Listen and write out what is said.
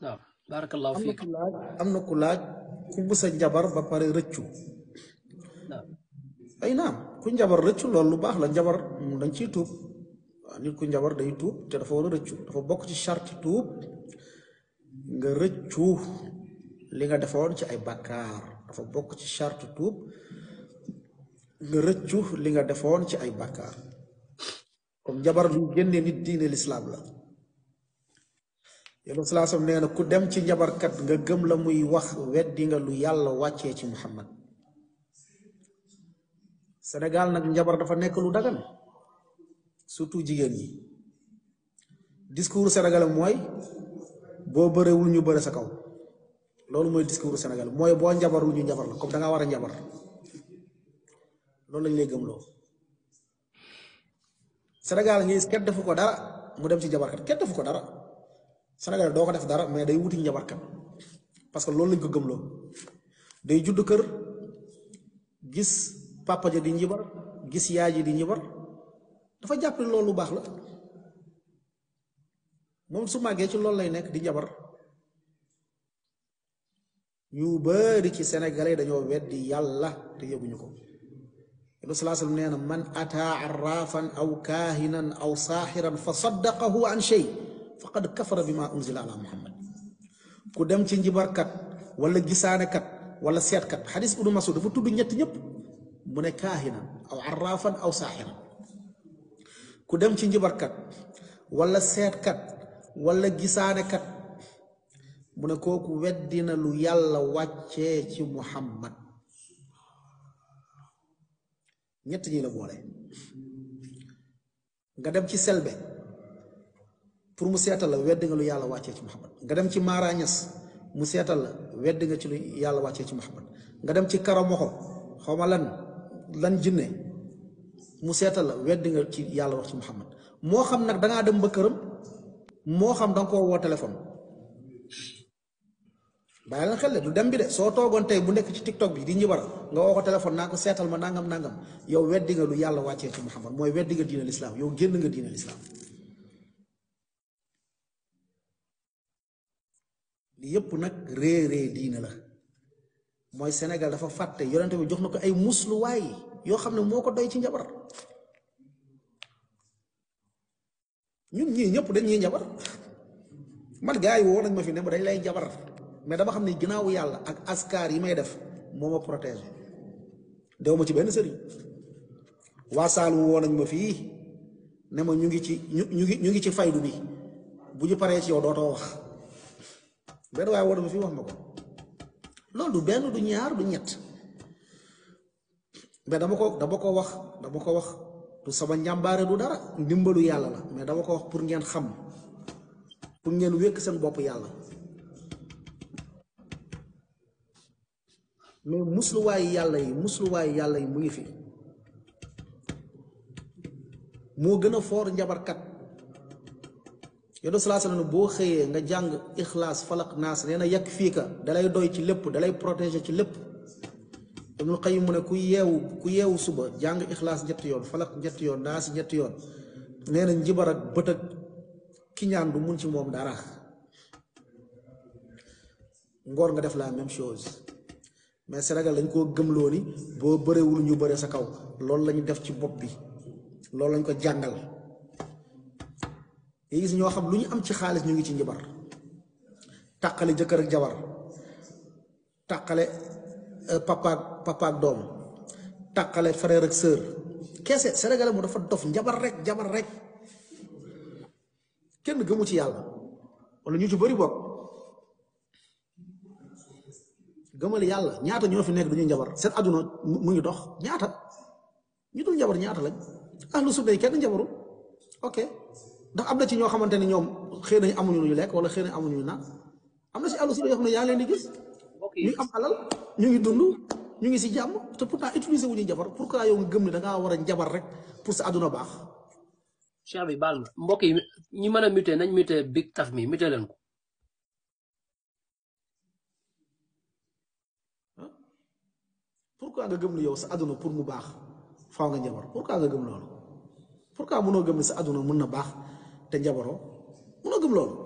naam barakallahu fiik am na ku laaj ku busa njabar ba pare rëccu ay naam ku njabar rëccu loolu lu baax la njabar dañ ciy tuub nit ku njabar day tuub te dafa war a rëccu dafa bokk ci charte tuub nga rëccu li nga defoon ci ay bakkaar dafa bokk ci charte tuub nga rëccu li nga defoon ci ay bakkaar comme njabar lu génnee nit diine lislaam la yalla sallallahu alayhi wasallam neena ku dem ci njabarkat nga gem la muy wax weddi nga lu yalla wacce ci muhammad senegal nak njabar dafa nek lu dagan surtout jigen yi discours sénégal mooy boo bërewul ñu beure sa kaw lolu moy discours sénégal mooy boo njabarul ñu njabar la comme da nga wara njabar lolu lañ lay gëmloo lo senegal gis kat dafa ko dara mu dem ci kat kat dafa ko dara sénégal doo ko def dara mais day wuti njabarkat parce que loolu lañ ko gëmloo day judd kër gis papa ja di njibar gis yaay ji di njibar dafa jàpp ne loolu baax la moom su màggee ci loolu lay nekk di njabar ñu bari ci sénégalais dañoo weddi yàlla te yëguñu ko ibnu salaasal nee na man ataa arrafan aw kahinan aw sahiran, fa saddaqahu an shay faqad kafara bi ma unzila ala muhammad ku dem ci njibarkat wala gisaanekat wala seetkat xadis ibnu masud dafa tudd ñett ñëpp mu ne kaahinan aw arraafan aw saaxiran ku dem ci njibarkat walla seetkat wala gisaanekat mu ne kooku weddina lu yàlla wàccee ci muhammad ñett ñi la boole nga dem ci selbe pour mu seetal la wedd nga lu yàlla wàccee ci Muhammad nga dem ci Mara Niass mu seetal la wedd nga ci lu yàlla wàccee ci Muhammad nga dem ci Karamoxo xaw ma lan lan jinne mu seetal la wedd nga ci yàlla wax ci Muhammad moo xam nag dangaa dem ba këram moo xam danga koo woo téléphone bàyyi leen xel de du dem bi de soo toogoon tey bu nekk ci tiktok bi di ñibara nga woo ko téléphone naa ko seetal ma nàngam nangam yow weddi nga lu yàlla wàccee ci Muhammad mooy weddi nga diine lislaam yow génn nga diine lislaam yépp nag re diine la mooy Sénégal dafa fàtte yonente bi jox na ko ay musluwaay yoo xam ne moo ko doy ci njabar ñun ñii ñëpp dañ ñuy njabar man gaay yi woo nañ ma fi ne ma dañ lay njabar mais dama xam ne ginnaaw yàlla ak askar yi may def moo ma protège dew ci benn sëriñ waa Saalum woo nañ ma fii ne ma ñu ngi ci ñu ngi ci faydu bi bu ñu ci yow dootoo wax benn way woo fi wax ma lolou loolu du benn du ñaar du ñet mais dama ko dama ko wax dama ko wax du sama ñambaare du dara dimbalu yalla la mais dama ko wax pour ngeen xam pour ngeen wekk seen bopp yàlla mais way yalla yi muslu way yalla yi mu ngi fi mo gëna for foor kat yonent salaa sallam bo xeye nga jang ikhlas falak nas. neena yak yàgg ka dalay doy ci lepp dalay protéger ci lepp ibn qayyim mun ku ku yew suba jang ikhlas ñetti yon falak ñetti yon nas ñetti yon neena na njibar ak beut ak ñaan du mun ci mom dara ngor nga def la même chose mais Sénégal dañ koo gëmloo ni boo bërewul ñu bëre sa kaw lool lañ def ci bop bi lool lañ ko jangal nga gis ñoo xam lu ñu am ci xaalis ñu ngi ci njabar tàqale jëkkër ak jabar tàqale euh, papaak papaak doom tàqale frère ak sœur kese sénégalais mu dafa dof njabar rek jabar rek kenn gëmu ci yàlla wala ñu ci bëri bokk gëmal yàlla ñaata ñoo fi nekk du ñu njabar seen àdduna mu ngi dox ñaata ñu dul njabar ñaata lañ ahlu sunna yi kenn njabaru ok ndax am na ci ñoo xamante ni ñoom xëy nañ amuñu ñu lekk wala xëy nañ amuñu naan am na si àllu sura yoo xam ne yaa leen di gis ñu am alal ñu ngi dund ñu ngi si jàmm te pourtant utiliser wuñu jabar pourquoi yow nga gëm ne da ngaa war a jabar rek pour sa aduna baax cheikh bi bal mbokk yi ñi mën a nañ muté big taf mi muté leen ko pourquoi nga gëm ne yow sa aduna pour mu baax faaw nga jabar pourquoi nga gëm loolu pourquoi mënoo gëm ne sa aduna mën na baax te njabaroo mun